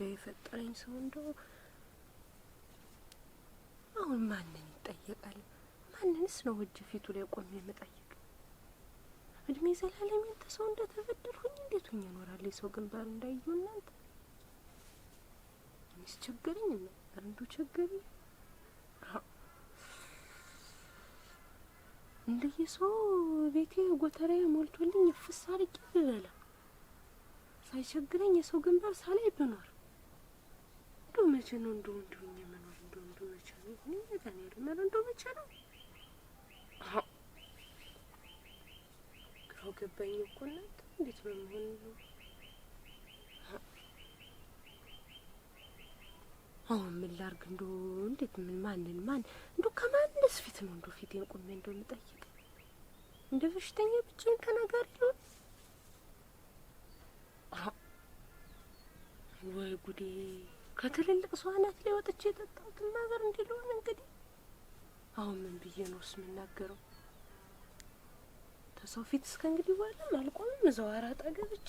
እንደው የፈጠረኝ ሰው እንደው አሁን ማንን ይጠየቃል? ማንንስ ነው እጅ ፊቱ ላይ ቆሜ የምጠይቅ? እድሜ ዘላለም ያንተ ሰው እንደተበደርኩኝ እንዴት ሁኝ ይኖራል? የሰው ግንባር እንዳዩ እናንተ ሚስ ቸገረኝ ነው አንዱ እንደየ ሰው ቤቴ ጎተራ ሞልቶልኝ ፍሳር ይቅር ይላል ሳይቸግረኝ የሰው ግንባር ሳላይ ብኖር እንደው መቼ ነው እንደው እንደው እኛ መኖር እንደው እንደው መቼ ነው እኔ ዳንኤል መኖር እንደው መቼ ነው? አዎ ግራው ገባኝ እኮ እናንተ እንዴት ነው መሆን ነው? አሁን ምን ላርግ? እንደው እንዴት ምን ማንን ማን እንደው ከማንስ ፊት ነው እንደው ፊቴን ቁሜ እንደው የምጠይቅ እንደ በሽተኛ ብቻዬን ከነገር ነው ወይ ጉዴ! ከትልልቅ ሰው አናት ላይ ወጥቼ የጠጣሁትን ነገር እንዲለሆን እንግዲህ አሁን ምን ብዬ ነውስ የምናገረው? ተሰው ፊት እስከ እንግዲህ በኋላም አልቆምም እዛው አራጣ ገብቼ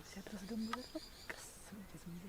እግዚአብሔር ሲያደርስ ደግሞ ቀስ ብዬ ዝም ብዬ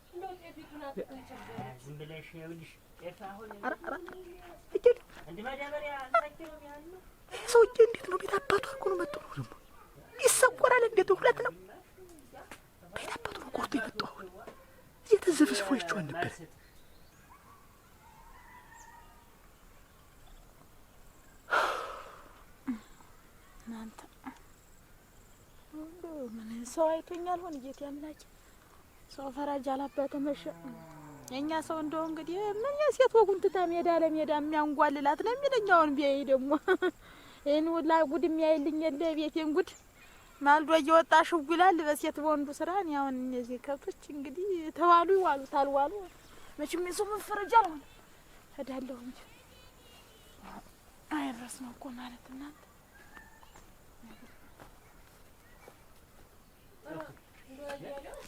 ሰውዬ እንዴት ነው ቤት አባቱ አድርጎ ነው መጥቶ ነው ደግሞ ይሰቆራል። እንዴት ነው ሁለት ነው ቤት አባቱ ነው ቆርጦ የመጣው። አሁን እየተዘፈስፎ ይችዋል ነበር እናንተ ምን ሰው አይቶኛል ሆን እየት ያምላቸው ሰው ፈራጅ አላባትም። መሸ የእኛ ሰው እንደው እንግዲህ ምን የሴት ወጉን ትታ ሜዳ ለሜዳ የሚያንጓልላት ነው የሚለኛውን ቢያይ ደግሞ ይህን ሁላ ጉድ የሚያይልኝ የለ ቤቴን ጉድ ማልዶ እየወጣ ሽው ይላል። በሴት በወንዱ ስራ ነው። አሁን እነዚህ ከብቶች እንግዲህ ተዋሉ ይዋሉ ታልዋሉ መቼም የሰው መፈረጃ አልሆነ እዳለሁ እንጂ አይረስ ነው እኮ ማለት እናንተ you.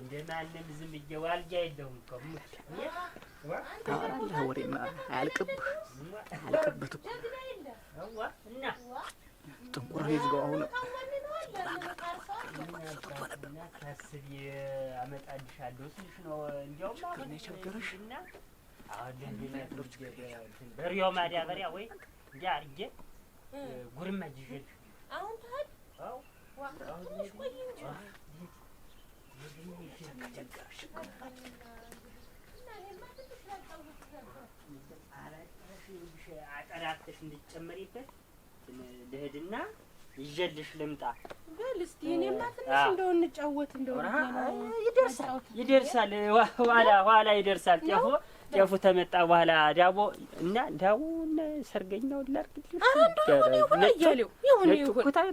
እንደማንም ዝም ብዬሽ ዋልጃ የለውም እኮ አለህ ወሬማ አያልቅብህ አያልቅበት እኮ እና ጥንቁርን ይዝጋው አሁን ታስቢ አመጣልሻለሁ ስልሽ ነው። እንዲያውም አሁን የቸገረሽ በሬው ማዳበሪያ ወይ እንዲያ አድርጌ ጉርማ ይዤልሽ አሁን ትሄድ እንድትጨመሪበት ልሄድና ይዤልሽ ልምጣ በል እስኪ። እኔማ ትንሽ እንደው እንጫወት እንደው ይደርሳል ይደርሳል፣ ኋላ ኋላ ይደርሳል። ጤፎ ጤፉ ተመጣ በኋላ ዳቦ እና ዳቦ እና ሰርገኛው ላድርግልሽ። እንደው ይሁን እያሌው ይሁን ይሁን ኩታ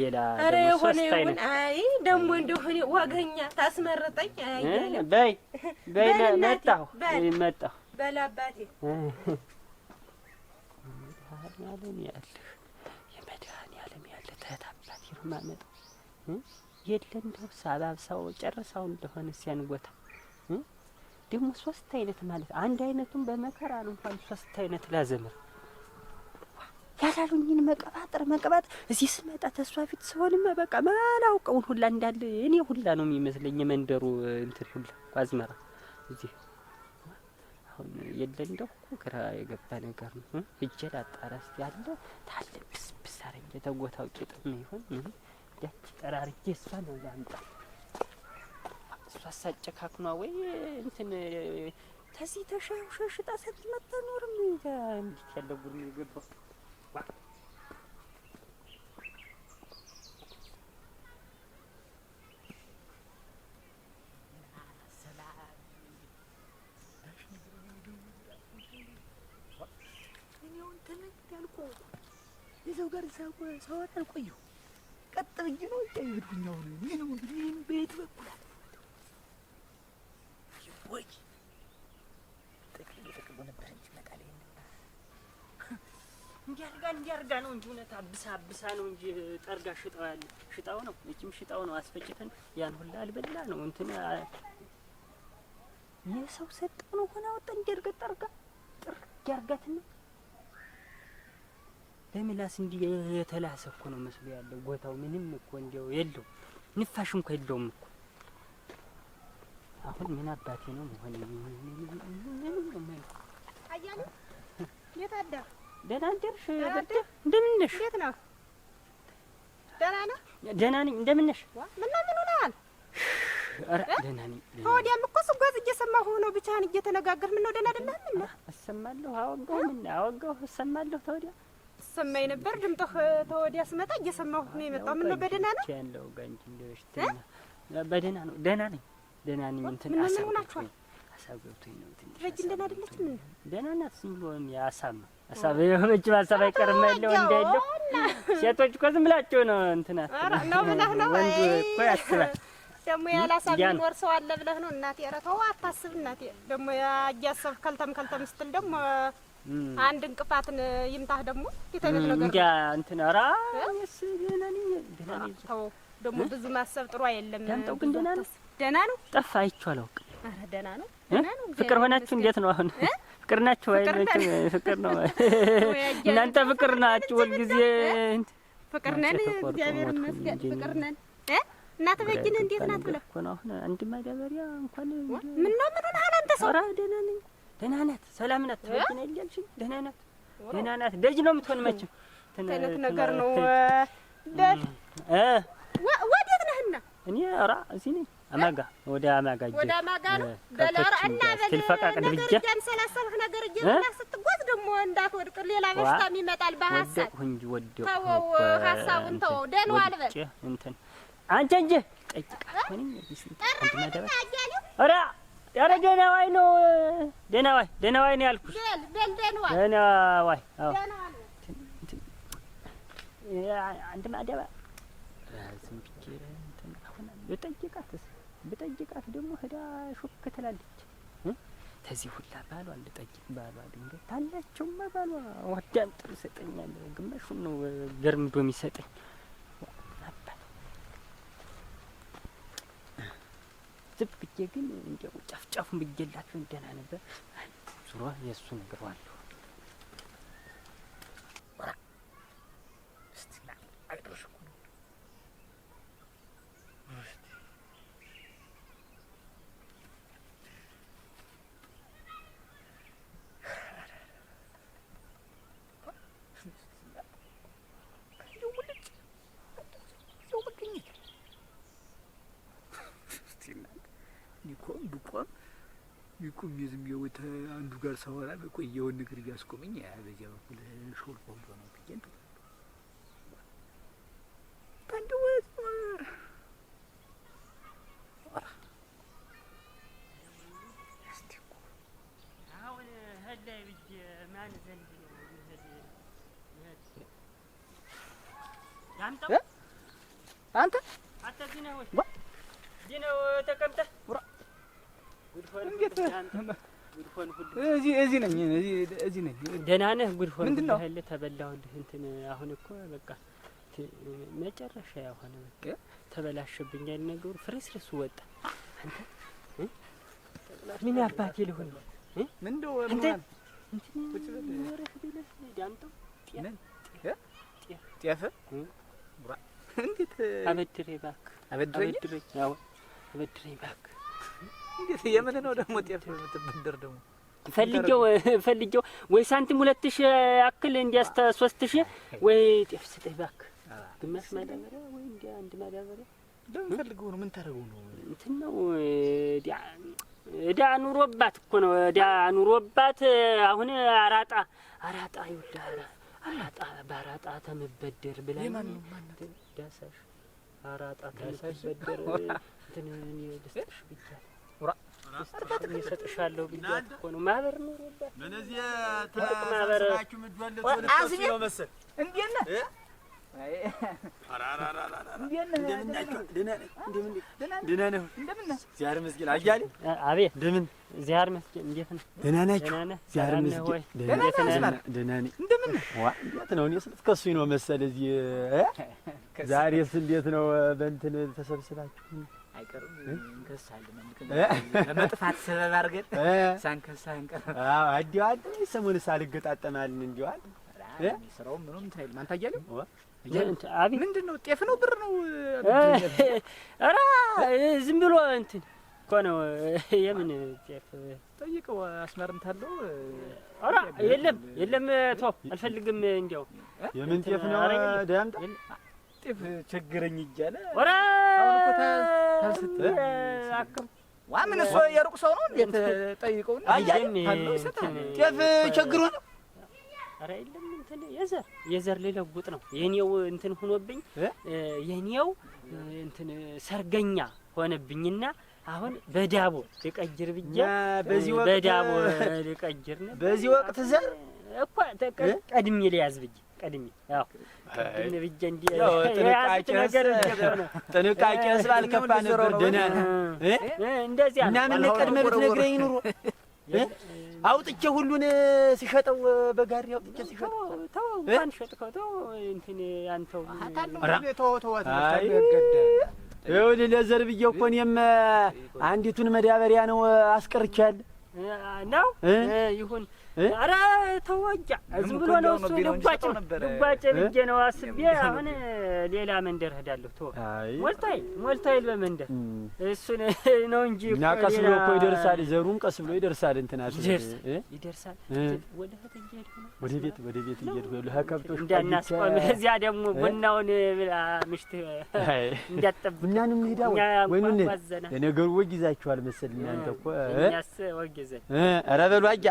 ሌላ ይሁን። አይ ደግሞ እንደው ዋገኛ ታስመረጠኝ። በይ በይ መጣሁ መጣሁ በል አባቴ ዓለም ያለህ የመድኃኔ ዓለም ያለ ትህት አባት ይርማመጥ የለ እንደው ሳባብሳው ጨርሳው እንደሆነ ሲያንጎታ ቦታ ደግሞ ሶስት አይነት ማለት አንድ አይነቱን በመከራ ነው እንኳን ሶስት አይነት ላዘምር ያላሉኝን መቀባጠር መቀባጠር እዚህ ስመጣ ተስፋ ፊት ስሆንማ በቃ ማላውቀውን ሁላ እንዳለ እኔ ሁላ ነው የሚመስለኝ የመንደሩ እንትን ሁላ አዝመራ እዚህ አሁን የለ እንደኩ ግራ የገባ ነገር ነው። እጄ ላጣራ እስቲ ያለ ታለ ብስ ብስ አረኝ የተጎታው ቂጥም ይሁን ምን ያቺ ጠራርጌ እሷ ነው ላምጣ እሷ ሳጨካክኗ ወይ እንትን ተዚህ ተሻሽጣ ሰት መታኖርም እንጃ እንዲህ ያለ ጉድ ነው የገባው። ሰው አልቆየሁም። ቀጥ ብዬ ነው እየሄድኩኝ አሁን ይህ ነው እንግዲህ ይህን በኩል ወይ ጥቅል ነበር እንጂ መጣል እንዲያርጋ እንዲያርጋ ነው እንጂ እውነት አብሳ አብሳ ነው እንጂ ጠርጋ ሽጣው ያለ ሽጣው ነው ሽጣው ነው አስፈጭተን ያን ሁላ አልበላ ነው እንትን የሰው ሰጠው ነው ሆነ ወጣ እንዲያርጋ ጠርጋ ጥርግ ያርጋትና በምላስ እንዲህ የተላሰ እኮ ነው መስሎ ያለው ቦታው ምንም እኮ እንዲያው የለው ንፋሽ እንኳ የለውም እኮ። አሁን ምን አባቴ ነው መሆን ምንም አያሌ እንዴት ነው? ደህና ምን እየሰማሁ ነው ደህና አይደለህም? እሰማለሁ፣ አወጋሁ። ምነው አወጋሁ፣ እሰማለሁ ተወዲያ እየተሰማኝ ነበር። ድምጥህ ተወዲያ ስመጣ እየሰማሁት ነው የመጣው። ምን ነው በደህና ነው ያለው ጋንጂ በደህና ነው። ደህና ነኝ፣ ደህና ነኝ። እንትን ምን ሆናችኋል? ሀሳብ ገብቶኝ ነው። ትንሽ ረጅ ደህና አይደለችም። ምን ደህና ናት። ዝም ብሎ ሀሳብ ነው አሳብ የሆነች ሀሳብ አይቀርም ያለው እንዳለው ሴቶች እኮ ዝም ብላቸው ነው እንትና ነው ብለህ ነው ወንድ እኮ ያስባል ደግሞ ያለ ሀሳብ የሚኖር ሰው አለ ብለህ ነው እናቴ። ኧረ ተው አታስብ እናቴ። ደግሞ ያያሰብ ከልተም ከልተም ስትል ደግሞ አንድ እንቅፋትን ይምታህ ደግሞ የተቤት ነገር እንዲያ እንትን ኧረ ተው ደግሞ ብዙ ማሰብ ጥሩ አይደለም። ዳምጠው ግን ደህና ነው፣ ደህና ነው። ጠፋ አይቼው አላውቅም። ኧረ ደህና ነው፣ ደህና ነው። ፍቅር ሆናችሁ እንዴት ነው አሁን? ፍቅር ናችሁ ወይ? ፍቅር ነው እናንተ ፍቅር ናችሁ ሁልጊዜ። ፍቅር ነን፣ እግዚአብሔር ይመስገን ፍቅር ነን። እናት በጅን እንዴት ናት ብለህ እኮ ነው አሁን። አንድ ማዳበሪያ እንኳን ምን ነው ምን ሆነሃል አንተ ሰው? ኧረ ደህና ነኝ ደህና ናት፣ ሰላም ናት። ተበጅነ ይልልሽ ደህና ናት፣ ደህና ናት። ደጅ ነው የምትሆን መቼም ትነት ነገር ነው ደል እ ወዴት ነህና? እኔ ኧረ እዚህ ነኝ። አማጋ ወደ አማጋ ሂጅ፣ ወደ አማጋ ነው በላር እና በል ፈቃቅድ ብቻ እንዳንሰላሰልህ ነገር እጄ እና ስትጓዝ ደግሞ እንዳትወድቅ ሌላ በሽታም ይመጣል። በሐሳብ ወደቅሁ እንጂ ወደቅሁ። ተወው ሐሳቡን ተወው። ደህና ዋል በል እንትን አንቺ እንጂ ጠይቃ ምን ይስል ጠራ ኧረ ኧረ ደህና ዋይ ነው ደህና ዋይ ደህና ዋይ ነው ያልኩሽ። ደህና ዋይ አዎ። አንድ ማደባ ብጠይቃት ደግሞ ሄዳ ሹክ ትላለች። ተዚህ ሁላ ባሏን ልጠይቅ ባሏ ድንገት ባሏ ጥሩ ግማሹን ነው ገርምዶ የሚሰጠኝ ዝብ ብዬ ግን እንዲያው ጨፍጨፉን ብዬላቸው ደህና ነበር። ዙሮ የእሱ ነገር ዋለሁ ጋር ሳወራ የቆየውን ንግር እያስቆመኝ በዚያ በኩል ሾልኮ ሆኖ ነው ብዬን በአንድ ወት አሁን ህላይ ብዬ ነው ተቀምጠህ እንዴት እዚህ እዚህ ነኝ እዚህ ነኝ። ደህና ነህ? ምንድን ነው ተበላሁልህ። እንትን አሁን እኮ በቃ መጨረሻ ያሆነ በቃ ተበላሸብኛል ነገሩ፣ ፍርስርሱ ወጣ። አንተ ምን አባቴ ልሁን ምን እንደው አንተ ጤፍ እንዴት አበድሬ እባክህ እባክህ እንዴት የምን ነው ደግሞ ጤፍ የምትበደር ደግሞ ፈልጌው ፈልጌው ወይ ሳንቲም ሁለት ሺህ አክል እንዲያስተ ሶስት ሺህ ወይ ጤፍ ስጠኝ እባክህ፣ ግማሽ ማዳበሪያ ወይ እንዲ አንድ ማዳበሪያ ለምፈልገው ነው። ምን ታደርገው ነው? እንትን ነው እዳ ኑሮባት እኮ ነው። እዳ ኑሮባት አሁን አራጣ አራጣ ይውላ አራጣ በአራጣ ተመበደር ብላ ዳሳሽ አራጣ ተመበደር እንትን ደስተሽ ብቻ እሰጥሻለሁ ብያት እኮ ነው። ማህበር ኑሮባት በነዚህ ተሰባችሁ ምድዋለት ወደ ነው መሰል። እንዴት ነህ? ዛሬስ እንዴት ነው በእንትን ተሰብስባችሁ አይቀርም እንከሳለን። ለመጥፋት ሰበብ አድርገን ሳንከሳ አንቀርም። እንዲሁ አንተ ሰሞኑን አልገጣጠማልን እንዲሁ አለ ስራውም ምኑም እንትን አይልም። አንተ አያሌው ምንድን ነው ጤፍ ነው ብር ነው? ኧረ ዝም ብሎ እንትን እኮ ነው። የምን ጤፍ ጠይቀው አስመርምታለሁ። ኧረ የለም የለም፣ ተው አልፈልግም። እንዲያው የምን ጤፍ ነው? ዳምጣ ጤፍ ቸግረኝ እያለ ምን እሱ የሩቅ ሰው ነው? እንዴት ጠይቀው ይሰጣል። ጤፍ ቸግሮ ነው። ኧረ የለም እንትን የዘር የዘር ልለውጥ ነው የኔው እንትን ሆኖብኝ የኔው እንትን ሰርገኛ ሆነብኝና አሁን በዳቦ ልቀይር ብዬ በዳቦ ልቀይር ነው። በዚህ ወቅት ዘር እኮ ቀድሜ ልያዝ ብዬ ቀድሜ ጥንቃቄ ስባል ከፋ ነበር። ደህና ነህ ቀድመህ ብትነግረኝ ኑሮ አውጥቼ ሁሉን ሲሸጠው በጋሪ አውጥቼ ሲሸጠው እንኳን ሸጥከው ተው እንትን ይኸውልህ ለዘር ብዬ እኮ እኔም አንዲቱን መዳበሪያ ነው ነው ይሁን አረ ተወጃ ዝም ብሎ ነው እሱ። ልጓጭ ልጓጭ ብዬ ነው አስቤ። አሁን ሌላ መንደር እሄዳለሁ። ተወ ሞልታይ ሞልታይ በመንደር እሱን ነው እንጂ እና ቀስ ብሎ እኮ ይደርሳል። ዘሩን ቀስ ብሎ ይደርሳል። እንትና ይደርሳል። ወደ ቤት ወደ ቤት ወደ ቤት እየሄድኩ ነው። ከብቶች እንዳናስቆም እዚያ ደግሞ ቡናውን ምሽት እንዳጠብቅ ቡናንም ሄዳ ወይኑን የነገሩ ወግ ይዛችኋል መሰል እናንተ እኮ እኛስ ወግ ይዘን ኧረ በሉ አያ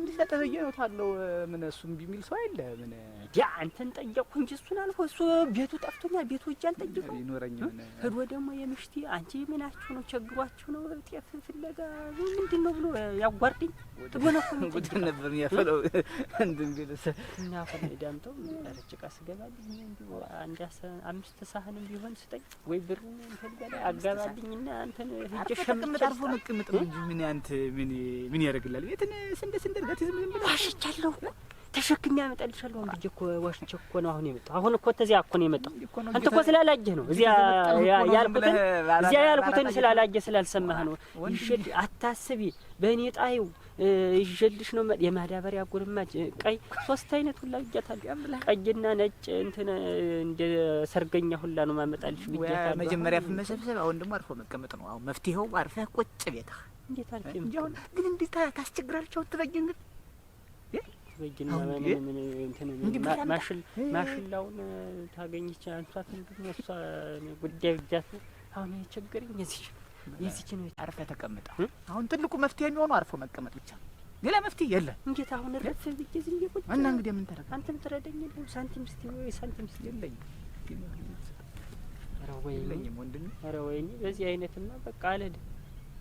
እንዲሰጠ ተጠየ ነው ታለው ምን እሱም ቢሚል ሰው አይደለ ምን ያ አንተን ጠየቅኩ እንጂ እሱን አልፎ እሱ ቤቱ ጠፍቶኛል። ቤቱ እጅ አልጠየቅኩም ይኖረኝ ምን ህዶ ደግሞ የምሽቲ አንቺ ምናችሁ ነው ቸግሯችሁ ነው ጤፍ ፍለጋ ምንድን ነው ብሎ ያጓርድኝ ትጎነ እኮ ጉድ ነበር የሚያፈለው እንድን ቢልስ እና ፈለ ዳምጠው ረጭቃ ስገባልኝ እንዲ አንድ አምስት ሳህንም ቢሆን ስጠኝ ወይ ብር ፈልጋ አጋባልኝና አንተን ሄጀ ሸምጥ አርፎ ነው እንጂ ምን አንተ ምን ምን ያደርግላል ቤትን ስንደ ስንደ ዝም ዋሽቻለሁ። ተሸክሜ አመጣልሻለሁ። አሁን ልጄ እኮ ዋሽቼ እኮ ነው አሁን የመጣሁ። አሁን እኮ ተዚያ እኮ ነው የመጣሁ። አንተ እኮ ስላላጀህ ነው እዚያ ያልኩትን እዚያ ያልኩትን ስላላጀህ ስላልሰማህ ነው። ይሸድ አታስቢ፣ በእኔ ጣይው ይሸድሽ ነው መጥ የማዳበሪያ ጉርማጅ ቀይ ሶስት አይነት ሁላ ብያታለሁ። ቀይና ነጭ እንትን እንደ ሰርገኛ ሁላ ነው ማመጣልሽ ብያታለሁ። መጀመሪያ ፍመሰብሰብ አሁን ደግሞ አርፎ መቀመጥ ነው አሁን መፍትሄው። አርፈህ ቁጭ ቤታ እንዴት አልክ? እንጃውን ግን እንዴት ታስቸግራቸው አትበጅም ግን ማሽላውን ታገኝች አንሷት ጉዳይ ብጃት አሁን የቸገረኝ የዚች የዚች ነው። አርፈ ተቀምጠ አሁን ትልቁ መፍትሄ የሚሆነው አርፎ መቀመጥ ብቻ ነው። ሌላ መፍትሄ የለም። እንዴት አሁን ረፍ ብዬ ዝም ብዬ እና እንግዲህ አንተም የለም። ሳንቲም ሳንቲም የለኝም። ኧረ ወይኔ፣ ኧረ ወይኔ፣ በዚህ አይነትማ በቃ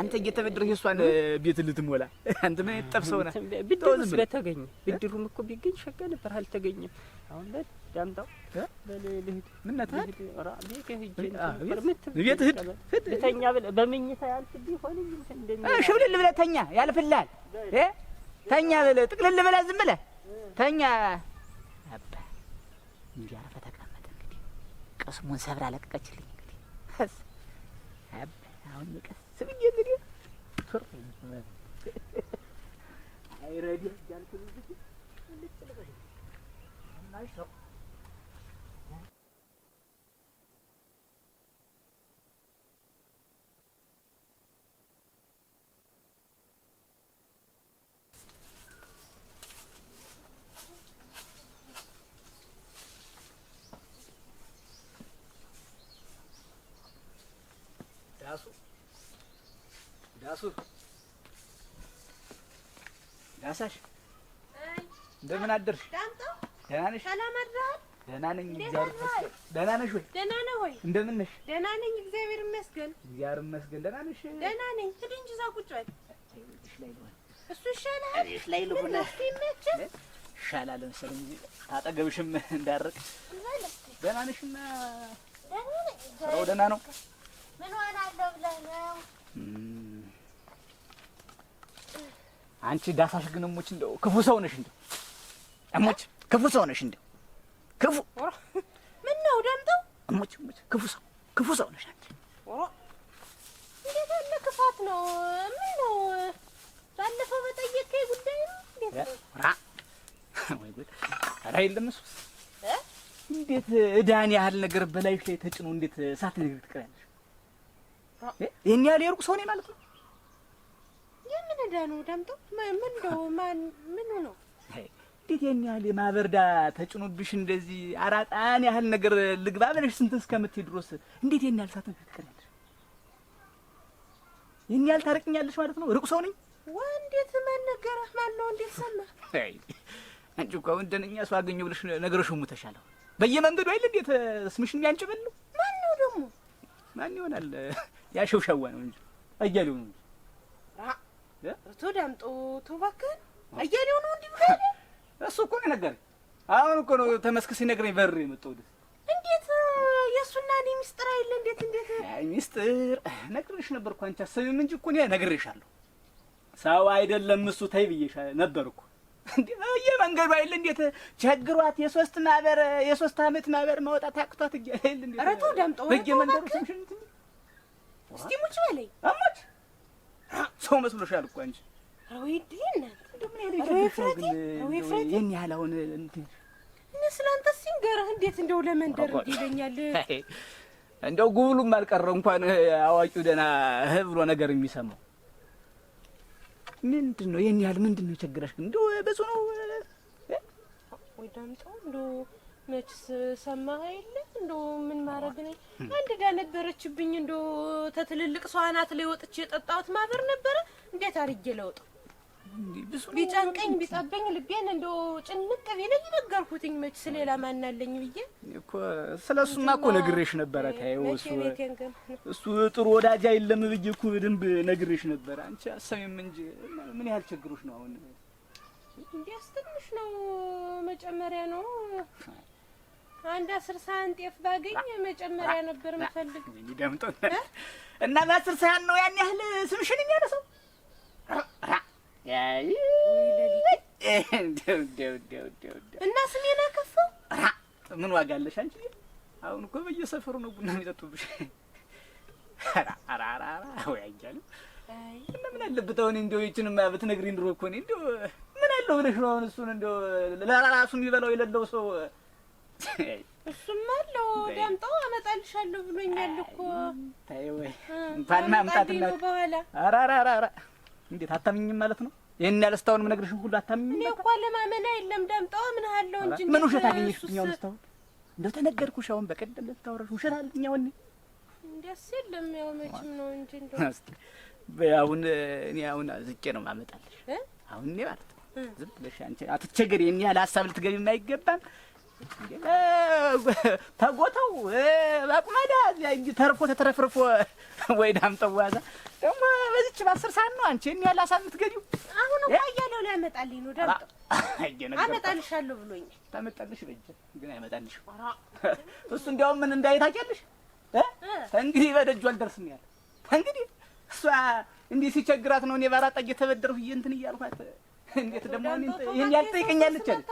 አንተ እየተበደርክ የሷን ቤት ልትሞላ አንተ ምን ጠብሰው ነህ? ብድሩ ስለተገኘ ብድሩም እኮ ቢገኝ ሸጋ ነበር፣ አልተገኘም። አሁን በል ዳምጣው ቤት ሂድ ተኛ ብለህ በምኝታ ያልፍ ቢሆን ሽብልል ብለህ ተኛ ያልፍልሃል። ተኛ ብለህ ጥቅልል ብለህ ዝም ብለህ ተኛ። አባ እንዲህ አረፈ ተቀመጠ። እንግዲህ ቅስሙን ሰብራ ለቀቀችልኝ። እንግዲህ አሁን ቀስ Seni gelir ya. Sormayın ben. Hayır hayır gel kızım. Bunlar çok. Gracias. ዳሱ ዳሳሽ እንደምን አደርሽ? ደህና ነሽ? ሰላም አድረሃል? ደህና ነኝ እግዚአብሔር ይመስገን። ደህና ነሽ ወይ? ደህና ነህ ወይ? እንደምን ነሽ? ደህና ነኝ እግዚአብሔር ይመስገን። እግዚአብሔር ይመስገን። ደህና ነሽ? ደህና ነኝ። ሂድ እንጂ እዛ ቁጭ በል። እሱ ይሻልሃል። እቤት ላይ ልሁን ይመችህ። ይሻላል መሰለኝ አጠገብሽም እንዳርቅ። ደህና ነሽና ስራው ደህና ነው? ምን ሆናለሁ ብለህ ነው አንቺ ዳሳሽ ግን እሞች እንደው ክፉ ሰው ነሽ። እንደው እሞች ክፉ ሰው ነሽ። እንደው ክፉ ምን ነው ደምጠው እሞች እሞች ክፉ ሰው ክፉ ሰው ነሽ አንቺ። እንዴት ያለ ክፋት ነው? ምን ነው ባለፈው በጠየቀኝ ጉዳይ ነው። እንዴት ራ ወይ ጉድ ራ የለም እሱ እንዴት እዳን ያህል ነገር በላይሽ ላይ ተጭኖ እንዴት እሳት ነገር ትቀራለሽ? ይሄን ያህል የሩቅ ሰው ነኝ ማለት ነው ወዳ ነው ዳምጦ ምን እንደው ማን ምኑ ነው እንዴት ያን ያህል የማበርዳ ተጭኖብሽ እንደዚህ አራጣን ያህል ነገር ልግባ ብለሽ ስንት እስከምትሄድ ድሮስ እንዴት ያን ያህል ሳትንከራከሪያለሽ? ይህን ያህል ታረቅኛለሽ ማለት ነው? ርቁ ሰው ነኝ ወይ? እንዴት ማን ነገረህ? ማን ነው እንዴት ሰማ አንቺ እኮ አሁን ደነኛ ሰው አገኘሁ ብለሽ ነገረሽ ሙተሻል። በየመንገዱ አይደል እንዴት ስምሽን የሚያንጭበል ማን ነው ደግሞ? ማን ይሆናል? ያሸውሻዋ ነው እንጂ አያሌው ነው እንጂ እቶ ዳምጦ ተው እባክህን እያሌው ነው እንዲህ ብሎ እሱ እኮ ነው የነገረኝ። አሁን እኮ ነው ተመስክ ሲነግረኝ በር እንዴት የእሱና እኔ ሚስጥር እንዴት እንዴት ሚስጥር ነግሬሽ ነበር እኮ አንቺ አሰብም እንጂ እኮ እኔ ነግሬሻለሁ። ሰው አይደለም እሱ ተይ ብዬሽ ነበር እኮ አይደል እንዴት ቸግሯት የሶስት ማህበር የሶስት አመት ማህበር ማውጣት አቅቷት እያለ አይደል እንዴት ኧረ ተው ዳምጦ እስቲ ሙች በለኝ አሞች ሰው መስሎሻል እኮ አንቺ። ይህን ያህል አሁን ስላንተ ሲንገርህ እንዴት እንደው ለመንደር ይለኛል። እንደው ጉብሉም አልቀረ እንኳን አዋቂው ደህና ብሎ ነገር የሚሰማው ምንድን ነው? ይህን ያህል ምንድን ነው የቸገረሽ? እንደው በሱ ወይ ዳምጠው እንደው መችስ ሰማህ የለ እንዶ ምን ማድረግ ነኝ። አንድ ጋ ነበረችብኝ እንዶ ተትልልቅ ሰው አናት ላይ ወጥቼ የጠጣሁት ማበር ነበረ። እንዴት አርጌ ለውጠው ቢጨንቀኝ ቢጠበኝ ልቤን እንዶ ጭንቅ ቢለኝ ነገርኩትኝ። መች ስሌላ ማናለኝ ብዬ እኮ ስለ እሱማ እኮ ነግሬሽ ነበረ። ታየው እሱ እሱ ጥሩ ወዳጅ አይለም ብዬ እኮ በደንብ ነግሬሽ ነበረ። አንቺ አሰሚም እንጂ ምን ያህል ችግሮች ነው አሁን? እንዲያስ ትንሽ ነው መጨመሪያ ነው አንድ አስር ሰሀን ጤፍ ባገኝ መጨመሪያ ነበር የምፈልግ። ደምጦታል እና በአስር ሰሀን ነው ያን ያህል ስምሽን የሚያለ እና ስሜን አከፋው። ምን ዋጋ አለሽ አንቺ? አሁን እኮ በየሰፈሩ ነው ቡና የሚጠጡብሽ። ወያያለሁ እና ምን አለበት አሁን እንዲያው ይችንማ ብትነግሪኝ ድሮ እኮ እኔ እንዲያው ምን አለው ብለሽ ነው አሁን እሱን እንዲያው ለራሱ የሚበላው የሌለው ሰው እሱም አለው ዳምጠው አመጣልሻለሁ ብሎኛል እኮ እንኳን ማምጣት በኋላ አራራራ እንዴት አታምኝም ማለት ነው? ይህን ያህል የምነግርሽን ሁሉ አታምኝም። እኔ እኮ ለማመን አይደለም ዳምጠው አምናለሁ እንጂ ምን ውሸት አገኘሽብኝ? አሁን እስካሁን እንደው ተነገርኩሽ። አሁን በቀደም ለታወራሽ ውሸት አለኝ። አሁን ደስ የለም ያው መቼም ነው እንጂ እንደው አሁን እኔ አሁን ዝቄ ነው ማመጣልሽ አሁን እኔ ማለት ነው። ዝም ብለሽ አንቺ አትቸገሪ። ይህን ያህል ሀሳብ ልትገቢ አይገባም። ተጎተው በቁመዳ እዚያ ተርፎ ተተረፍርፎ ወይ ዳም ጠዋዛ ደግሞ በዚች በአስር ሰዓት ነው። አንቺ እኔ ያላሳ የምትገቢው አሁን እኮ እያለው ሊያመጣልኝ ነው። ዳምጠው አመጣልሻለሁ ብሎኛል። ታመጣልሽ በእጄ ግን አይመጣልሽ። እሱ እንዲያውም ምን እንዳይታቂያለሽ እንግዲህ በደጁ አልደርስም ያለ እንግዲህ እሷ እንዲህ ሲቸግራት ነው እኔ ባራጣ እየተበደርሁ እንትን እያልኳት እንዴት ደግሞ ይህን ያልጠይቀኛለች አለ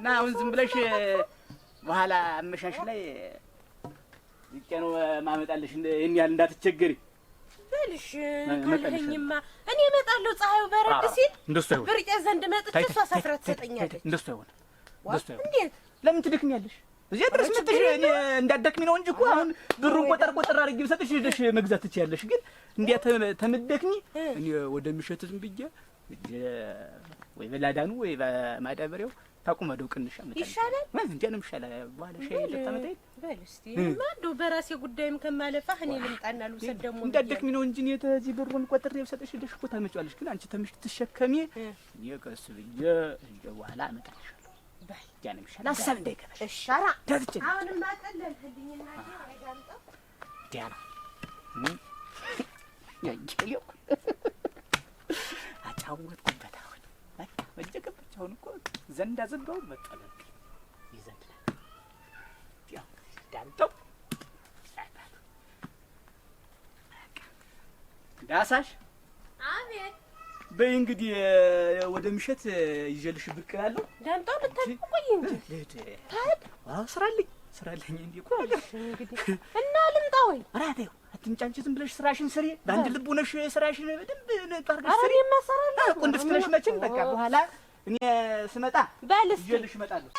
እና አሁን ዝም ብለሽ በኋላ አመሻሽ ላይ ዝቄ ነው ማመጣልሽ፣ ይህን ያህል እንዳትቸገሪ በልሽ። ካልኸኝማ እኔ እመጣለሁ። ፀሐዩ በረድ ሲል ብርቄ ዘንድ መጥቼ እሷ ሰፍራ ትሰጠኛለች። እንደሱ አይሆን እንዴት? ለምን ትደክሚያለሽ? እዚያ ድረስ መጥተሽ እንዳትደክሚ ነው እንጂ እኮ አሁን ብሩን ቆጠር ቆጠር አድርጌ ብሰጥሽ ሄደሽ መግዛት ትችያለሽ። ግን እንዲያ ተምደክሚ እኔ ወደ ምሸትም ብዬ ወይ በላዳኑ ወይ በማዳበሪያው ታቁመደው ቅንሽ አመጣ ይሻላል። እንዲያንም ይሻላል። በኋላ ሻይ ልታመጣ ይል በል እስቲ ማዶ በራሴ ጉዳይም ከማለፋ እኔ ልምጣና ልውሰድ። ደግሞ እንዳደክሚ ነው እንጂ ተዚህ ብሩን ቆጥሬ ብሰጥሽ ሄደሽ እኮ ታመጪዋለሽ። ግን አንቺ ተምሽ ትሸከሚ እኔ ቀስ ብዬ እንደ በኋላ አመጣልሻለሁ። ያንም ይሻላል። ሀሳብ እንዳይገባሽ እሻራ ተፍጭ አሁንም አቀለልልኝ እና ዲያና ዲያና ያየው አጫወትኩ ተጨቀበች። አሁን እኮ ዘንድ አዘንባውን መጠለቅ ይዘንዳል። ያው ዳንተው ዳሳሽ አሜን በይ እንግዲህ ወደ ምሸት ይዤልሽ ብቅ እላለሁ። ዳንተው ልታቆይ እንጂ ልሂድ። ታድ አስራልኝ ስራ እንዴ እኮ እንግዲህ እና ልምጣ ወይ አራቴው አትንጫንቺ፣ ዝም ብለሽ ስራሽን ስሪ። በአንድ ልብ ሆነሽ ስራሽን በደንብ ታርገሽ ስሪ። አሬ ማሰራለሁ ቁንድፍ ትለሽ መቼም በቃ በኋላ እኔ ስመጣ በልስ ልሽ እመጣለሁ።